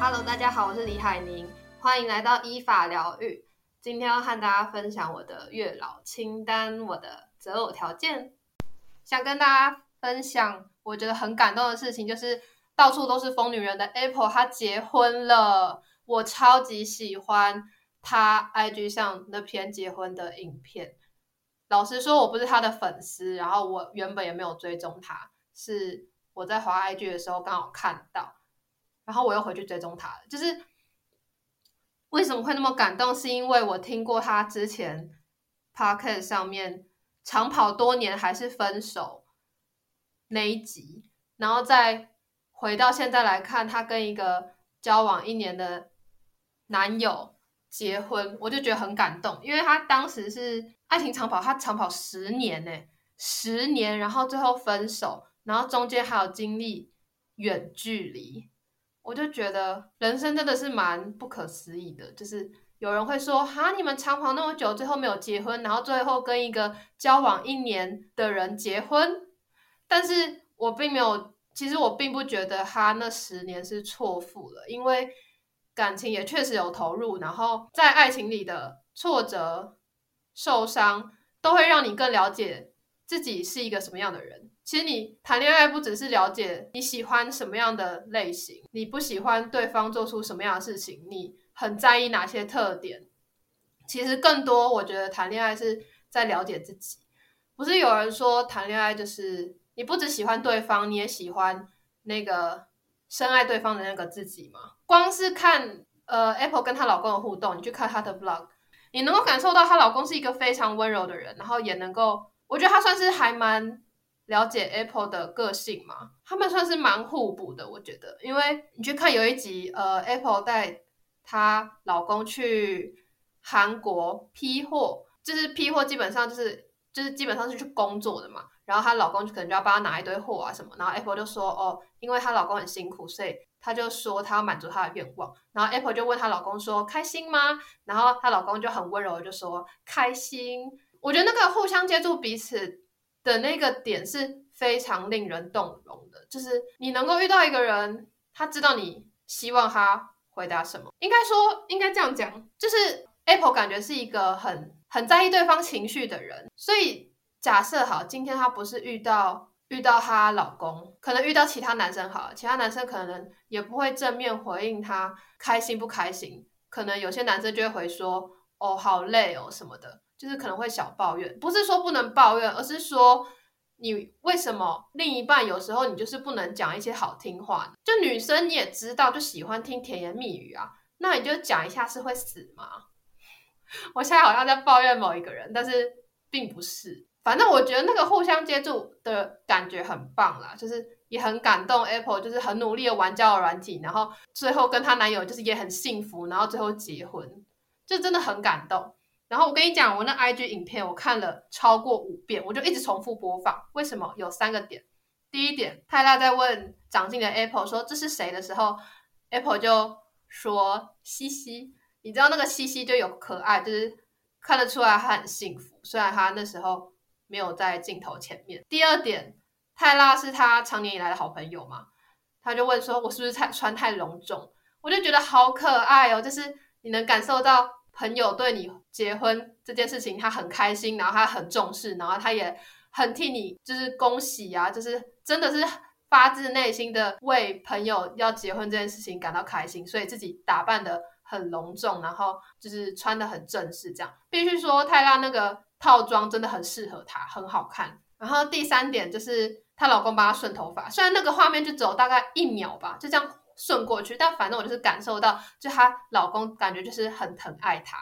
哈嘍大家好，我是李海寧，歡迎來到依法療癒。今天要和大家分享我的月老清單，我的擇偶條件。想跟大家分享我覺得很感動的事情，就是到處都是瘋女人的 Apple，她結婚了。我超級喜歡她 IG 上那篇結婚的影片。老實說，我不是她的粉絲，然後我原本也沒有追蹤她。是我在滑 IG 的時候剛好看到。然後我又回去追蹤他，就是為什麼會那麼感動，是因為我聽過他之前 Podcast 上面長跑多年還是分手那一集，然後再回到現在來看，他跟一個交往一年的男友結婚，我就覺得很感動，因為他當時是愛情長跑，他長跑十年呢、欸，十年，然後最後分手，然後中間還有經歷遠距離。我就覺得人生真的是蠻不可思議的，就是有人會說：“哈，你們長跑那麼久，最後沒有結婚，然後最後跟一個交往一年的人結婚。”但是，我並沒有，其實我並不覺得他那十年是錯付了，因為感情也確實有投入，然後在愛情裡的挫折、受傷，都會讓你更了解自己是一個什麼樣的人。其實你談戀愛不只是了解你喜歡什麼樣的類型，你不喜歡對方做出什麼樣的事情，你很在意哪些特點。其實更多，我覺得談戀愛是在了解自己。不是有人說談戀愛就是你不只喜歡對方，你也喜歡那個深愛對方的那個自己嗎？光是看呃 Apple 跟她老公的互動，你去看她的 Vlog，你能夠感受到她老公是一個非常溫柔的人，然後也能夠，我覺得她算是還蠻。了解 Apple 的個性嗎？他們算是蠻互補的，我覺得，因為你去看有一集，呃，Apple 帶她老公去韓國批貨，就是批貨，基本上就是就是基本上是去工作的嘛。然後她老公可能就要幫她拿一堆貨啊什麼。然後 Apple 就說，哦，因為她老公很辛苦，所以她就說她要滿足他的願望。然後 Apple 就問她老公說，開心嗎？然後她老公就很溫柔的就說，開心。我覺得那個互相接觸彼此的那個點是非常令人動容的，就是你能夠遇到一個人，他知道你希望他回答什麼？應該說，應該這樣講，就是 Apple 感覺是一個很很在意對方情緒的人。所以假設好，今天他不是遇到遇到她老公，可能遇到其他男生好，其他男生可能也不會正面回應他開心不開心。可能有些男生就會回說：“哦，好累哦，什麼的。”就是可能會小抱怨，不是說不能抱怨，而是說你為什麼另一半有時候你就是不能講一些好聽話？就女生你也知道，就喜歡聽甜言蜜語啊，那你就講一下是會死嗎？我現在好像在抱怨某一個人，但是並不是。反正我覺得那個互相接觸的感覺很棒啦，就是也很感動。Apple 就是很努力的玩交友軟體，然後最後跟她男友就是也很幸福，然後最後結婚，就真的很感動。然後我跟你講，我那 IG 影片我看了超過五遍，我就一直重複播放。為什麼有三個點？第一點，泰拉在問長進的 Apple 說這是誰的時候，Apple 就說西西，你知道那個西西就有可愛，就是看得出來他很幸福，雖然他那時候沒有在鏡頭前面。第二點，泰拉是他長年以來的好朋友嘛，他就問說我是不是太穿太隆重，我就覺得好可愛哦，就是你能感受到朋友對你。結婚這件事情，他很開心，然後他很重視，然後他也很替你就是恭喜啊，就是真的是發自內心的為朋友要結婚這件事情感到開心，所以自己打扮得很隆重，然後就是穿得很正式，這樣。必須說泰拉那個套裝真的很適合她，很好看。然後第三點就是她老公幫她順頭髮，雖然那個畫面就只有大概一秒吧，就這樣順過去，但反正我就是感受到，就她老公感覺就是很疼愛她。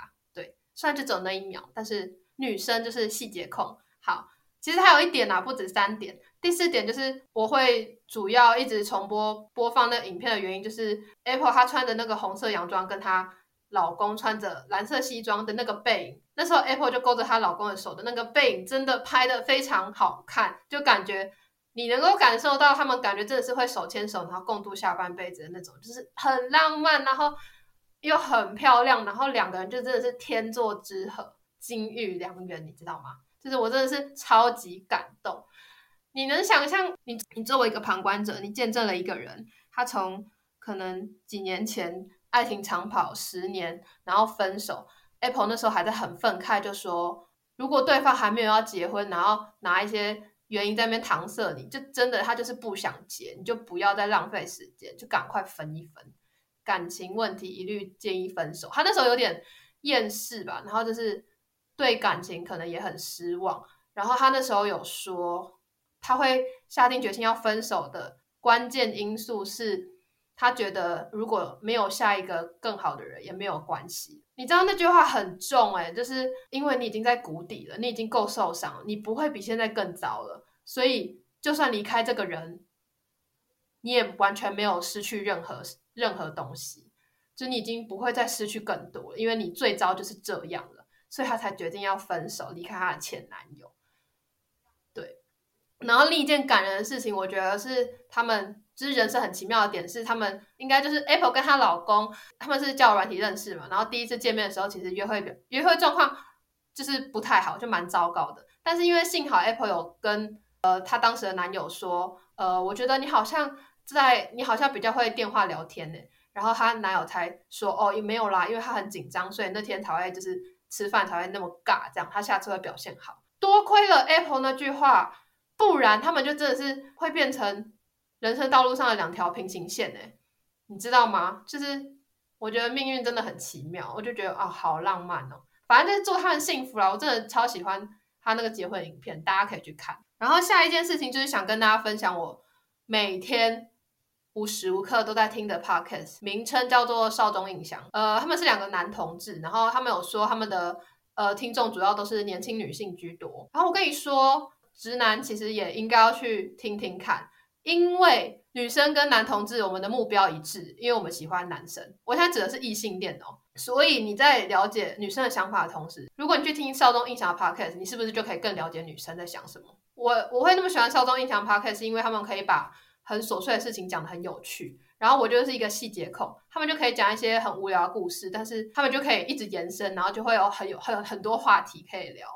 雖然就走那一秒，但是女生就是細節控。好，其實還有一點啊，不止三點。第四點就是我會主要一直重播播放那影片的原因，就是 Apple 她穿的那個紅色洋裝，跟她老公穿着藍色西裝的那個背影。那時候 Apple 就勾着她老公的手的那個背影，真的拍得非常好看，就感覺你能夠感受到他們感覺真的是會手牽手，然後共度下半輩子的那種，就是很浪漫，然後，又很漂亮，然後兩個人就真的是天作之合，金玉良緣，你知道嗎？就是我真的是超級感動。你能想象你，你你作為一個旁觀者，你見證了一個人，他從可能幾年前愛情長跑十年，然後分手，Apple 那時候還在很憤慨，就說如果對方還沒有要結婚，然後拿一些原因在那邊搪塞你，你就真的他就是不想結，你就不要再浪費時間，就趕快分一分。感情問題一律建議分手。他那時候有點厭世吧，然後就是對感情可能也很失望。然後他那時候有說，他會下定決心要分手的關鍵因素是，他覺得如果沒有下一個更好的人，也沒有關係。你知道那句話很重哎，就是因為你已經在谷底了，你已經夠受傷，你不會比現在更糟了。所以就算離開這個人，你也完全沒有失去任何。任何東西，就你已經不會再失去更多了，因為你最糟就是這樣了，所以她才決定要分手，離開她的前男友。對，然後另一件感人的事情，我覺得是他們，就是人生很奇妙的點是，他們應該就是 Apple 跟她老公他們是交友軟體認識嘛，然後第一次見面的時候，其實約會約會狀況就是不太好，就蠻糟糕的。但是因為幸好 Apple 有跟呃她當時的男友說，呃，我覺得你好像。在你好像比較會電話聊天呢、欸，然後她男友才說哦，也沒有啦，因為他很緊張，所以那天才會就是吃飯才會那麼尬，這樣他下次會表現好。多虧了 Apple 那句話，不然他們就真的是會變成人生道路上的兩條平行線呢、欸，你知道嗎？就是我覺得命運真的很奇妙，我就覺得啊、哦，好浪漫哦、喔。反正就是祝他們幸福啦，我真的超喜歡他那個結婚影片，大家可以去看。然後下一件事情就是想跟大家分享我每天。無時無刻都在聽的 podcast 名稱叫做《少中印象》。呃，他們是兩個男同志，然後他們有說他們的呃聽眾主要都是年輕女性居多。然後我跟你說，直男其實也應該要去聽聽看，因為女生跟男同志我們的目標一致，因為我們喜歡男生。我現在指的是異性戀哦。所以你在了解女生的想法的同時，如果你去聽《少中印象》的 podcast，你是不是就可以更了解女生在想什麼？我我會那麼喜歡《少中印象》的 podcast，是因為他們可以把。很瑣碎的事情講得很有趣，然後我就是一個細節控，他們就可以講一些很無聊的故事，但是他們就可以一直延伸，然後就會有很有很有很多話題可以聊，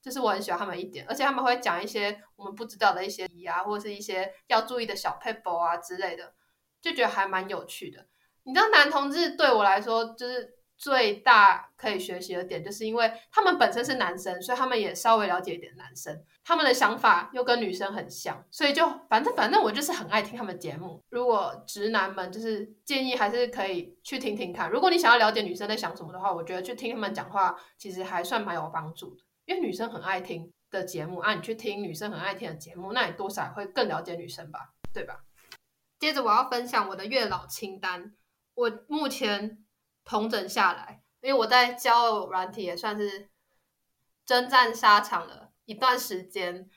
就是我很喜歡他們一點，而且他們會講一些我們不知道的一些疑啊，或者是一些要注意的小撇步啊之類的，就覺得還蠻有趣的。你知道男同志對我來說就是。最大可以學習的點，就是因為他們本身是男生，所以他們也稍微了解一點男生，他們的想法又跟女生很像，所以就反正反正我就是很愛聽他們節目。如果直男們就是建議還是可以去聽聽看。如果你想要了解女生在想什麼的話，我覺得去聽他們講話其實還算蠻有幫助的，因為女生很愛聽的節目，那、啊、你去聽女生很愛聽的節目，那你多少會更了解女生吧，對吧？接着我要分享我的月老清單，我目前。統整下來，因為我在交軟體也算是征戰沙場了一段時間。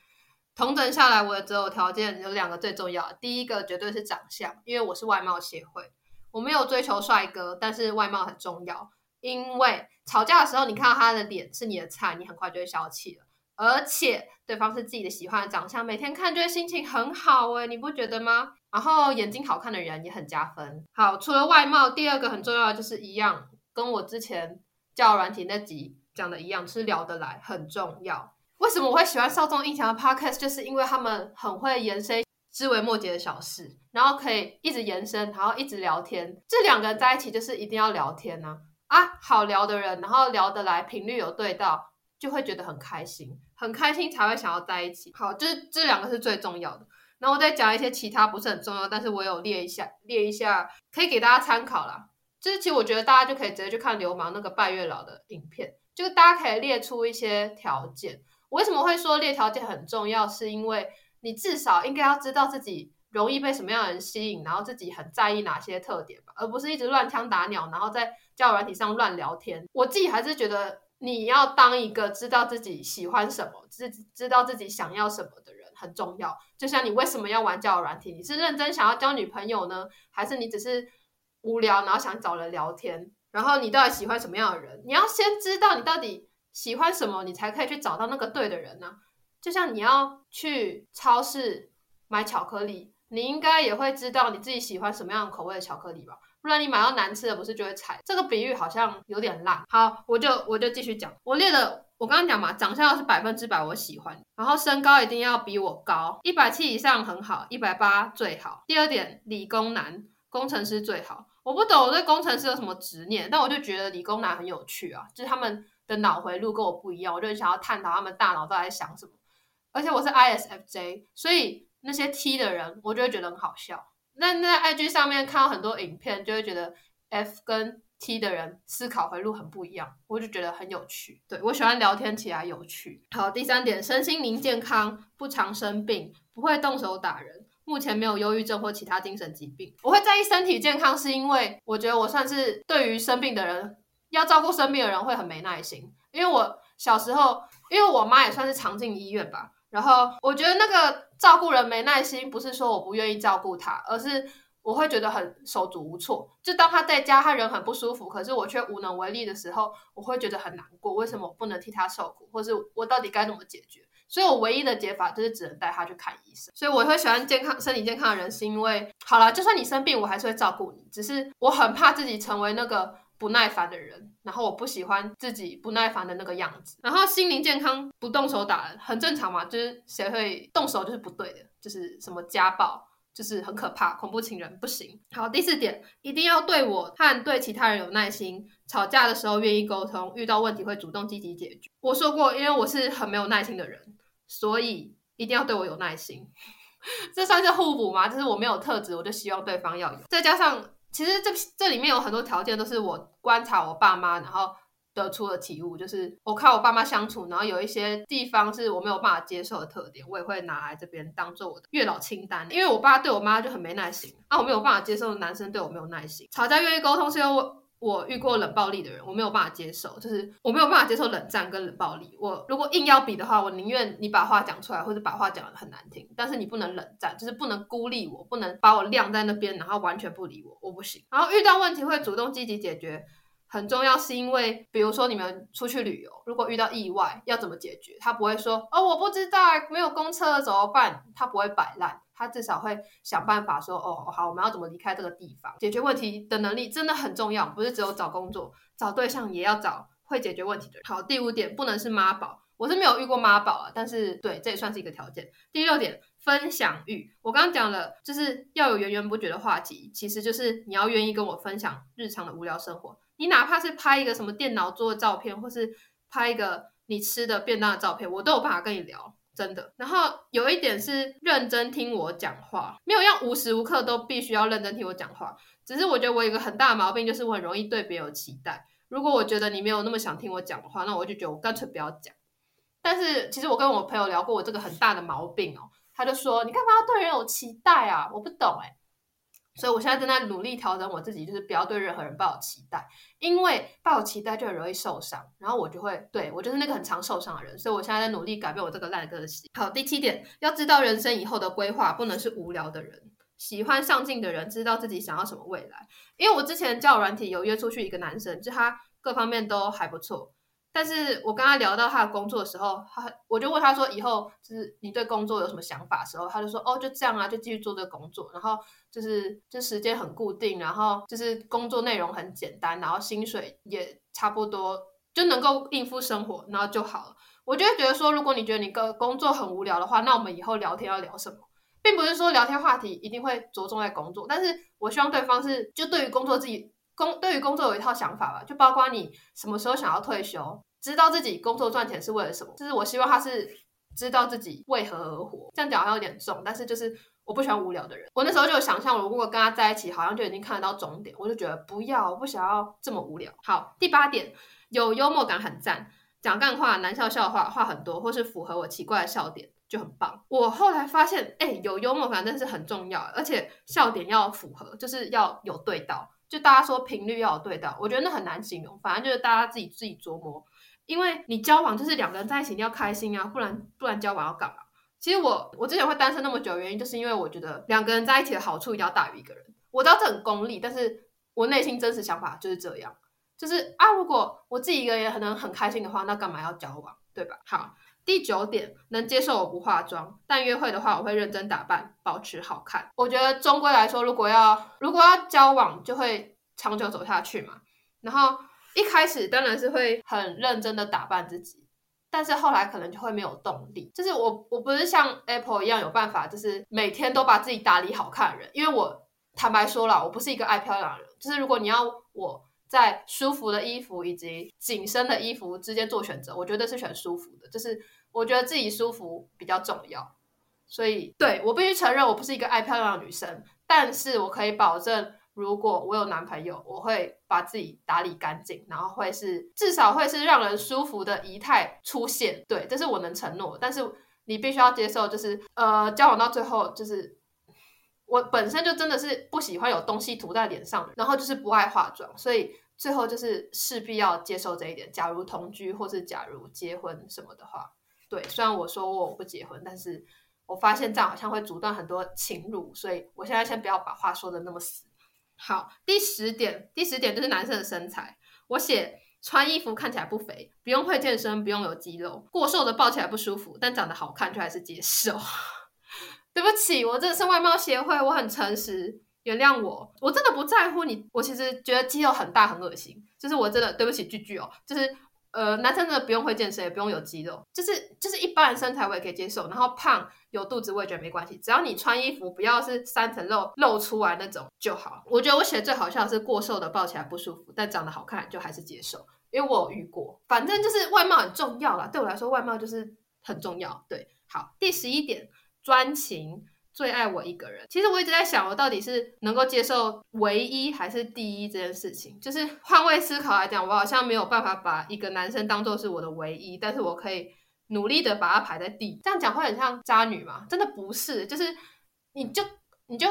統整下來，我的擇偶條件有兩個最重要，第一個絕對是長相，因為我是外貌協會，我沒有追求帥哥，但是外貌很重要。因為吵架的時候，你看到他的臉是你的菜，你很快就會消氣了。而且對方是自己的喜歡的長相，每天看就會心情很好，欸，哎，你不覺得嗎？然後眼睛好看的人也很加分。好，除了外貌，第二個很重要的就是一樣，跟我之前教軟體那集講的一樣，是聊得來很重要。為什麼我會喜歡受眾印象的 Podcast？就是因為他們很會延伸枝微末節的小事，然後可以一直延伸，然後一直聊天。這兩個人在一起就是一定要聊天啊啊，好聊的人，然後聊得來，頻率有對到，就會覺得很開心，很開心才會想要在一起。好，就是這兩個是最重要的。然後我再講一些其他不是很重要，但是我有列一下，列一下可以給大家參考啦。這期我覺得大家就可以直接去看《流氓》那個拜月老的影片，就是大家可以列出一些條件。我為什麼會說列條件很重要？是因為你至少應該要知道自己容易被什麼樣的人吸引，然後自己很在意哪些特點吧，而不是一直亂槍打鳥，然後在交友軟體上亂聊天。我自己還是覺得你要當一個知道自己喜歡什麼、自知道自己想要什麼的人。很重要，就像你為什麼要玩交友軟體？你是認真想要交女朋友呢，還是你只是無聊然後想找人聊天？然後你到底喜歡什麼樣的人？你要先知道你到底喜歡什麼，你才可以去找到那個對的人呢，啊。就像你要去超市買巧克力，你應該也會知道你自己喜歡什麼樣的口味的巧克力吧？不然你買到難吃的，不是就會踩？這個比喻好像有點爛。好，我就我就繼續講，我列了。我剛剛講嘛，長相要是百分之百我喜歡，然後身高一定要比我高，一百七以上很好，一百八最好。第二點，理工男，工程師最好。我不懂我對工程師有什麼執念，但我就覺得理工男很有趣啊，就是他們的腦回路跟我不一樣，我就很想要探討他們大腦到底在想什麼。而且我是 ISFJ，所以那些 T 的人，我就會覺得很好笑。那那 IG 上面看到很多影片，就會覺得 F 跟。T 的人思考回路很不一樣，我就覺得很有趣。對，我喜歡聊天起來有趣。好，第三點，身心靈健康，不常生病，不會動手打人，目前沒有憂鬱症或其他精神疾病。我會在意身體健康，是因為我覺得我算是對於生病的人，要照顧生病的人會很沒耐心。因為我小時候，因為我媽也算是常進醫院吧，然後我覺得那個照顧人沒耐心，不是說我不願意照顧她，而是。我會覺得很手足無措，就當他在家，他人很不舒服，可是我卻無能為力的時候，我會覺得很難過。為什麼我不能替他受苦，或是我到底該怎麼解決？所以我唯一的解法就是只能帶他去看醫生。所以我會喜歡健康、身體健康的人，是因為好了，就算你生病，我還是會照顧你。只是我很怕自己成為那個不耐煩的人，然後我不喜歡自己不耐煩的那個樣子。然後心靈健康不動手打人很正常嘛，就是誰會動手就是不對的，就是什麼家暴。就是很可怕，恐怖情人不行。好，第四點，一定要對我和對其他人有耐心，吵架的時候願意溝通，遇到問題會主動積極解決。我說過，因為我是很沒有耐心的人，所以一定要對我有耐心。 這算是互補嗎？就是我沒有特質，我就希望對方要有。再加上，其實這這裡面有很多條件都是我觀察我爸媽，然後。得出的體悟就是，我靠我爸媽相處，然後有一些地方是我沒有辦法接受的特點，我也會拿來這邊當做我的月老清單。因為我爸對我媽就很沒耐心啊，我沒有辦法接受的男生對我沒有耐心。吵架願意溝通，是因為我遇過冷暴力的人，我沒有辦法接受，就是我沒有辦法接受冷戰跟冷暴力。我如果硬要比的話，我寧願你把話講出來，或者把話講得很難聽，但是你不能冷戰，就是不能孤立我，不能把我晾在那邊，然後完全不理我，我不行。然後遇到問題會主動積極解決。很重要，是因為，比如說你們出去旅遊，如果遇到意外，要怎麼解決？他不會說哦，我不知道，沒有公車怎麼辦？他不會擺爛，他至少會想辦法說哦，好，我們要怎麼離開這個地方？解決問題的能力真的很重要，不是只有找工作、找對象也要找會解決問題的人。好，第五點不能是媽寶，我是沒有遇過媽寶啊，但是對，這也算是一個條件。第六點，分享欲，我剛剛講了，就是要有源源不絕的話題，其實就是你要願意跟我分享日常的無聊生活。你哪怕是拍一個什麼電腦桌的照片，或是拍一個你吃的便當的照片，我都有辦法跟你聊，真的。然後有一點是認真聽我講話，沒有要無時無刻都必須要認真聽我講話。只是我覺得我有一個很大的毛病，就是我很容易對別人有期待。如果我覺得你沒有那麼想聽我講的話，那我就覺得我乾脆不要講。但是其實我跟我朋友聊過我這個很大的毛病哦，他就說你幹嘛要對人有期待啊？我不懂欸。所以，我現在正在努力調整我自己，就是不要對任何人抱有期待，因為抱有期待就很容易受傷。然後我就會，對，我就是那個很常受傷的人。所以，我現在在努力改變我這個爛個性。好，第七點，要知道人生以後的規劃，不能是無聊的人，喜歡上進的人，知道自己想要什麼未來。因為我之前教軟體，有約出去一個男生，就他各方面都還不錯。但是我跟他聊到他的工作的時候，他我就問他說：“以後就是你對工作有什麼想法？”的時候，他就說：“哦，就這樣啊，就繼續做這個工作。然後就是就時間很固定，然後就是工作內容很簡單，然後薪水也差不多，就能夠應付生活，然後就好了。”我就會覺得說，如果你覺得你個工作很無聊的話，那我們以後聊天要聊什麼？並不是說聊天話題一定會着重在工作，但是我希望對方是就對於工作自己工對於工作有一套想法吧，就包括你什麼時候想要退休，知道自己工作賺錢是為了什麼，就是我希望他是知道自己為何而活。這樣講好像有點重，但是就是我不喜歡無聊的人。我那時候就有想象，我如果跟他在一起，好像就已經看得到終點。我就覺得不要，我不想要這麼無聊。好，第八點，有幽默感很讚，講幹話、男校笑話、話很多，或是符合我奇怪的笑點就很棒。我後來發現，哎、欸，有幽默感真是很重要的，而且笑點要符合，就是要有對到，就大家說頻率要有對到，我覺得那很難形容，反正就是大家自己自己琢磨。因為你交往就是兩個人在一起，你要開心啊，不然不然交往要幹嘛？其實我我之前會單身那麼久的原因，就是因為我覺得兩個人在一起的好處一定要大於一個人。我知道這很功利，但是我內心真實想法就是這樣，就是啊，如果我自己一個人也可能很，很開心的話，那幹嘛要交往，對吧？好，第九點，能接受我不化妝，但約會的話我會認真打扮，保持好看。我覺得終歸來說，如果要如果要交往，就會長久走下去嘛。然後。一開始當然是會很認真的打扮自己，但是後來可能就會沒有動力。就是我我不是像 Apple 一樣有辦法，就是每天都把自己打理好看的人。因為我坦白說了，我不是一個愛漂亮的人。就是如果你要我在舒服的衣服以及緊身的衣服之間做選擇，我覺得是選舒服的。就是我覺得自己舒服比較重要。所以對，我必須承認，我不是一個愛漂亮的女生，但是我可以保證。如果我有男朋友，我會把自己打理乾淨，然後會是至少會是讓人舒服的儀態出現。對，這是我能承諾。但是你必須要接受，就是呃，交往到最後，就是我本身就真的是不喜歡有東西塗在臉上，然後就是不愛化妝，所以最後就是勢必要接受這一點。假如同居或是假如結婚什麼的話，對，雖然我說我不結婚，但是我發現這樣好像會阻斷很多情路。所以我現在先不要把話說的那麼死。好，第十點，第十點就是男生的身材。我寫穿衣服看起來不肥，不用會健身，不用有肌肉，過瘦的抱起來不舒服，但長得好看卻還是接受。 對不起，我真的是外貌協會，我很誠實，原諒我，我真的不在乎你。我其實覺得肌肉很大很噁心，就是我真的對不起巨巨哦，就是呃，男生真的不用會健身，也不用有肌肉，就是就是一般人身材我也可以接受，然後胖。有肚子我也覺得沒關係，只要你穿衣服不要是三層肉露、露出來那種就好。我覺得我寫的最好笑的是過瘦的抱起來不舒服，但長得好看就還是接受，因為我有遇過。反正就是外貌很重要啦，對我來說外貌就是很重要。對，好，第十一點，專情最愛我一個人。其實我一直在想，我到底是能夠接受唯一還是第一這件事情。就是換位思考來講，我好像沒有辦法把一個男生當作是我的唯一，但是我可以。努力的把它排在第，這樣講會很像渣女嘛？真的不是，就是你就你就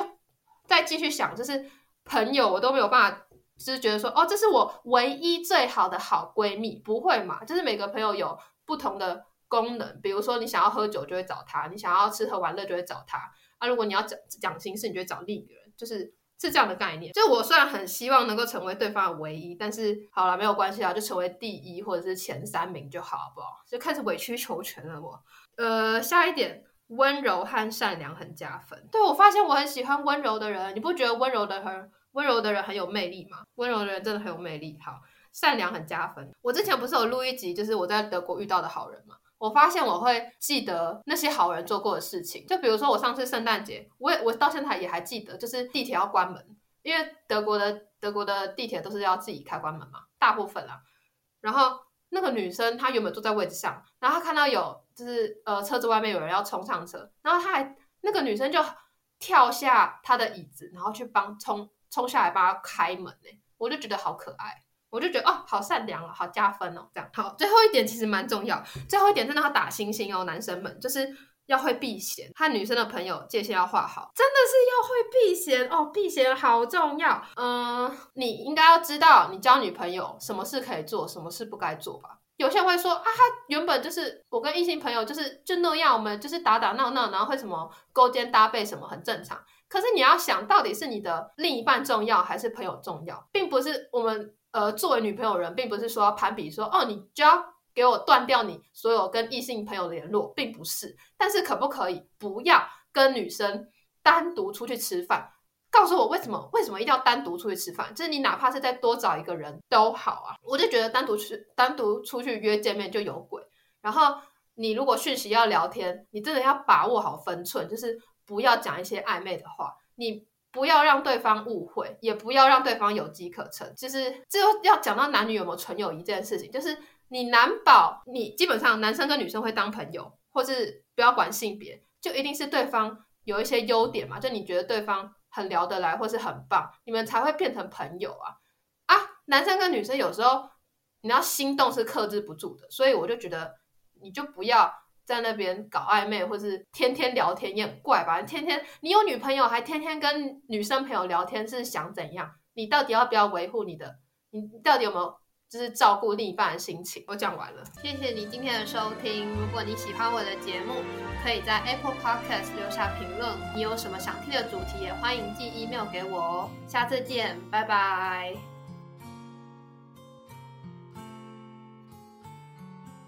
再繼續想，就是朋友我都沒有辦法，就是覺得說哦，這是我唯一最好的好閨蜜，不會嘛？就是每個朋友有不同的功能，比如說你想要喝酒就會找他，你想要吃喝玩樂就會找他，啊，如果你要講講心事，你就會找另一個人，就是。是這樣的概念，就我雖然很希望能夠成為對方的唯一，但是好了，沒有關係啊，就成為第一或者是前三名就好，不好？不就開始委曲求全了我。呃，下一點，溫柔和善良很加分。對，我發現我很喜歡溫柔的人，你不覺得溫柔的很溫柔的人很有魅力嗎？溫柔的人真的很有魅力。好，善良很加分。我之前不是有錄一集，就是我在德國遇到的好人嗎？我發現我會記得那些好人做過的事情，就比如說我上次聖誕節，我也我到現在也還記得，就是地鐵要關門，因為德國的德國的地鐵都是要自己開關門嘛，大部分啊。然後那個女生她原本坐在位置上，然後她看到有就是呃車子外面有人要衝上車，然後她還那個女生就跳下她的椅子，然後去幫衝衝下來幫她開門哎，我就覺得好可愛。我就覺得哦，好善良哦，好加分哦，這樣好。最後一點其實蠻重要，最後一點真的要打星星哦，男生們就是要會避嫌，和女生的朋友界限要畫好，真的是要會避嫌哦，避嫌好重要。嗯，你應該要知道你交女朋友什麼事可以做，什麼事不該做吧？有些人會說啊，他原本就是我跟異性朋友就是就那樣，我們就是打打鬧鬧，然後會什麼勾肩搭背什麼，很正常。可是你要想到底是你的另一半重要還是朋友重要，並不是我們。呃，作為女朋友人，並不是說要攀比說，說哦，你就要給我斷掉你所有跟異性朋友的聯絡，並不是。但是，可不可以不要跟女生單獨出去吃飯？告訴我為什麼？為什麼一定要單獨出去吃飯？就是你哪怕是再多找一個人都好啊，我就覺得單獨去、單獨出去約見面就有鬼。然後，你如果訊息要聊天，你真的要把握好分寸，就是不要講一些曖昧的話。你。不要讓對方誤會，也不要讓對方有機可乘。就是就要講到男女有沒有純友誼這件事情，就是你難保你基本上男生跟女生會當朋友，或是不要管性別，就一定是對方有一些優點嘛，就你覺得對方很聊得來或是很棒，你們才會變成朋友啊啊！男生跟女生有時候你要心動是克制不住的，所以我就覺得你就不要。在那邊搞曖昧，或是天天聊天也很怪吧。天天你有女朋友，還天天跟女生朋友聊天，是想怎樣？你到底要不要維護你的？你到底有沒有就是照顧另一半的心情？我講完了，謝謝你今天的收聽。如果你喜歡我的節目，可以在 Apple Podcast 留下評論。你有什麼想聽的主題，也歡迎寄 email 給我哦。下次見，拜拜。